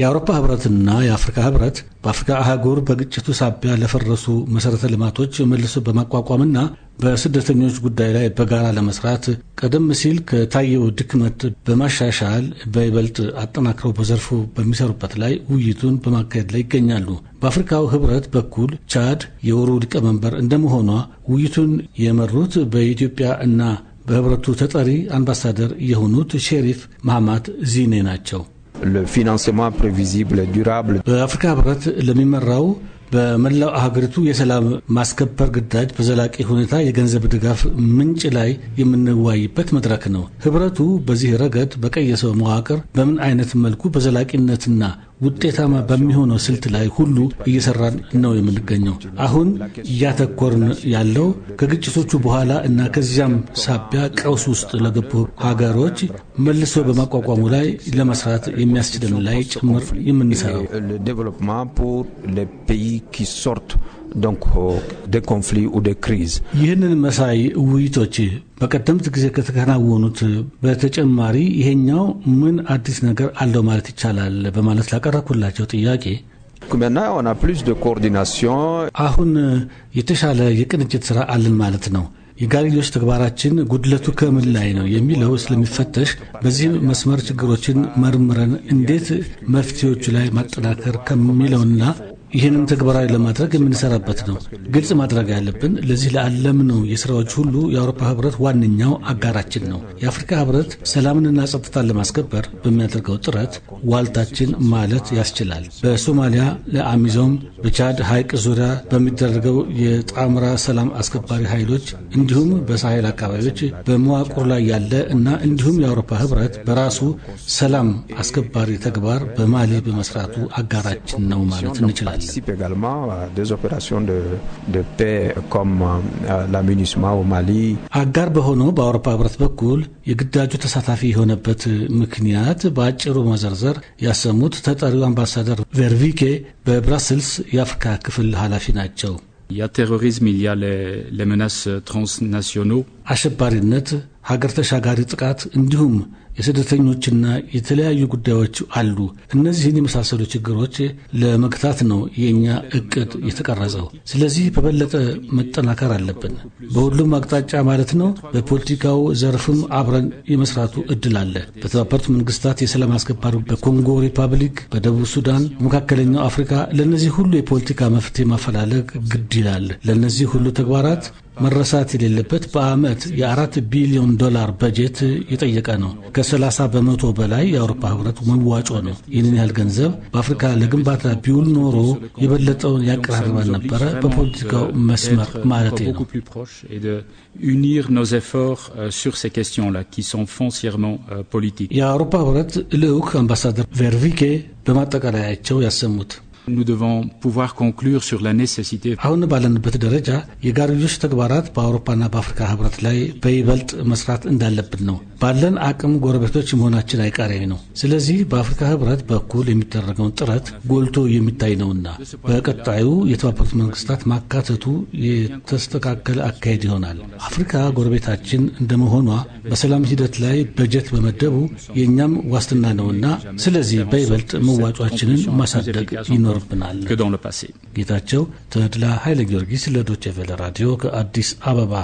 የአውሮፓ ህብረትና የአፍሪካ ህብረት በአፍሪካ አህጉር በግጭቱ ሳቢያ ለፈረሱ መሠረተ ልማቶች መልሶ በማቋቋምና በስደተኞች ጉዳይ ላይ በጋራ ለመስራት ቀደም ሲል ከታየው ድክመት በማሻሻል በይበልጥ አጠናክረው በዘርፉ በሚሰሩበት ላይ ውይይቱን በማካሄድ ላይ ይገኛሉ። በአፍሪካው ህብረት በኩል ቻድ የወሩ ሊቀመንበር እንደመሆኗ ውይይቱን የመሩት በኢትዮጵያ እና በህብረቱ ተጠሪ አምባሳደር የሆኑት ሼሪፍ ማህማት ዚኔ ናቸው። ለፊናንስማ ፕሬቪዚብል ዱራብል በአፍሪካ ህብረት ለሚመራው በመላው ሀገሪቱ የሰላም ማስከበር ግዳጅ በዘላቂ ሁኔታ የገንዘብ ድጋፍ ምንጭ ላይ የምንወያይበት መድረክ ነው። ህብረቱ በዚህ ረገድ በቀየሰው መዋቅር በምን አይነት መልኩ በዘላቂነትና ውጤታማ በሚሆነው ስልት ላይ ሁሉ እየሰራን ነው የምንገኘው። አሁን እያተኮርን ያለው ከግጭቶቹ በኋላ እና ከዚያም ሳቢያ ቀውስ ውስጥ ለገቡ ሀገሮች መልሶ በማቋቋሙ ላይ ለመስራት የሚያስችለን ላይ ጭምር የምንሰራው donc euh, des ኮንፍሊ ደ ክሪዝ ይህንን መሳይ ውይይቶች በቀደምት ጊዜ ከተከናወኑት በተጨማሪ ይሄኛው ምን አዲስ ነገር አለው ማለት ይቻላል በማለት ላቀረብኩላቸው ጥያቄ አሁን የተሻለ የቅንጅት ስራ አለን ማለት ነው። የጋሪዮች ተግባራችን ጉድለቱ ከምን ላይ ነው የሚለው ስለሚፈተሽ በዚህ መስመር ችግሮችን መርምረን እንዴት መፍትሄዎቹ ላይ ማጠናከር ከሚለውና ይህንም ተግባራዊ ለማድረግ የምንሰራበት ነው። ግልጽ ማድረግ ያለብን ለዚህ ለዓለምነው የስራዎች ሁሉ የአውሮፓ ህብረት ዋነኛው አጋራችን ነው። የአፍሪካ ህብረት ሰላምንና ጸጥታን ለማስከበር በሚያደርገው ጥረት ዋልታችን ማለት ያስችላል። በሶማሊያ ለአሚዞም፣ በቻድ ሐይቅ ዙሪያ በሚደረገው የጣምራ ሰላም አስከባሪ ኃይሎች እንዲሁም በሳሄል አካባቢዎች በመዋቅር ላይ ያለ እና እንዲሁም የአውሮፓ ህብረት በራሱ ሰላም አስከባሪ ተግባር በማሊ በመስራቱ አጋራችን ነው ማለት እንችላለን። participe également à des opérations de, de paix comme euh, la au Mali። አጋር በሆነው በአውሮፓ ህብረት በኩል የግዳጁ ተሳታፊ የሆነበት ምክንያት በአጭሩ መዘርዘር ያሰሙት ተጠሪው አምባሳደር ቬርቪኬ በብራስልስ የአፍሪካ ክፍል ኃላፊ ናቸው። ያ ቴሮሪዝም ኢል ለመናስ ትራንስናሲዮናል አሸባሪነት ሀገር ተሻጋሪ ጥቃት እንዲሁም የስደተኞችና የተለያዩ ጉዳዮች አሉ። እነዚህን የመሳሰሉ ችግሮች ለመግታት ነው የእኛ እቅድ የተቀረጸው። ስለዚህ በበለጠ መጠናከር አለብን፣ በሁሉም አቅጣጫ ማለት ነው። በፖለቲካው ዘርፍም አብረን የመስራቱ እድል አለ። በተባበሩት መንግስታት የሰላም አስከባሪ በኮንጎ ሪፐብሊክ፣ በደቡብ ሱዳን፣ በመካከለኛው አፍሪካ ለእነዚህ ሁሉ የፖለቲካ መፍትሄ ማፈላለግ ግድ ይላል። ለእነዚህ ሁሉ ተግባራት መረሳት የሌለበት በዓመት የአራት ቢሊዮን ዶላር በጀት የጠየቀ ነው። ከ30 በመቶ በላይ የአውሮፓ ህብረት መዋጮ ነው። ይህንን ያህል ገንዘብ በአፍሪካ ለግንባታ ቢውል ኖሮ የበለጠውን ያቀራርበን ነበረ። በፖለቲካው መስመር ማለት ነው። euh, euh, የአውሮፓ ህብረት ልዑክ አምባሳደር ቬርቪኬ በማጠቃለያቸው ያሰሙት አሁን ባለንበት ደረጃ የጋርዮሽ ተግባራት በአውሮፓና በአፍሪካ ህብረት ላይ በይበልጥ መስራት እንዳለብን ነው። ባለን አቅም ጎረቤቶች መሆናችን አይቀሬ ነው። ስለዚህ በአፍሪካ ህብረት በኩል የሚደረገውን ጥረት ጎልቶ የሚታይ ነውና በቀጣዩ የተባበሩት መንግስታት ማካተቱ የተስተካከለ አካሄድ ይሆናል። አፍሪካ ጎረቤታችን እንደመሆኗ በሰላም ሂደት ላይ በጀት በመደቡ የእኛም ዋስትና ነውና ስለዚህ በይበልጥ መዋጮችንን ማሳደግ ይኖ ይኖርብናል። ጌታቸው ተድላ ኃይለ ጊዮርጊስ ለዶቼ ቬለ ራዲዮ ከአዲስ አበባ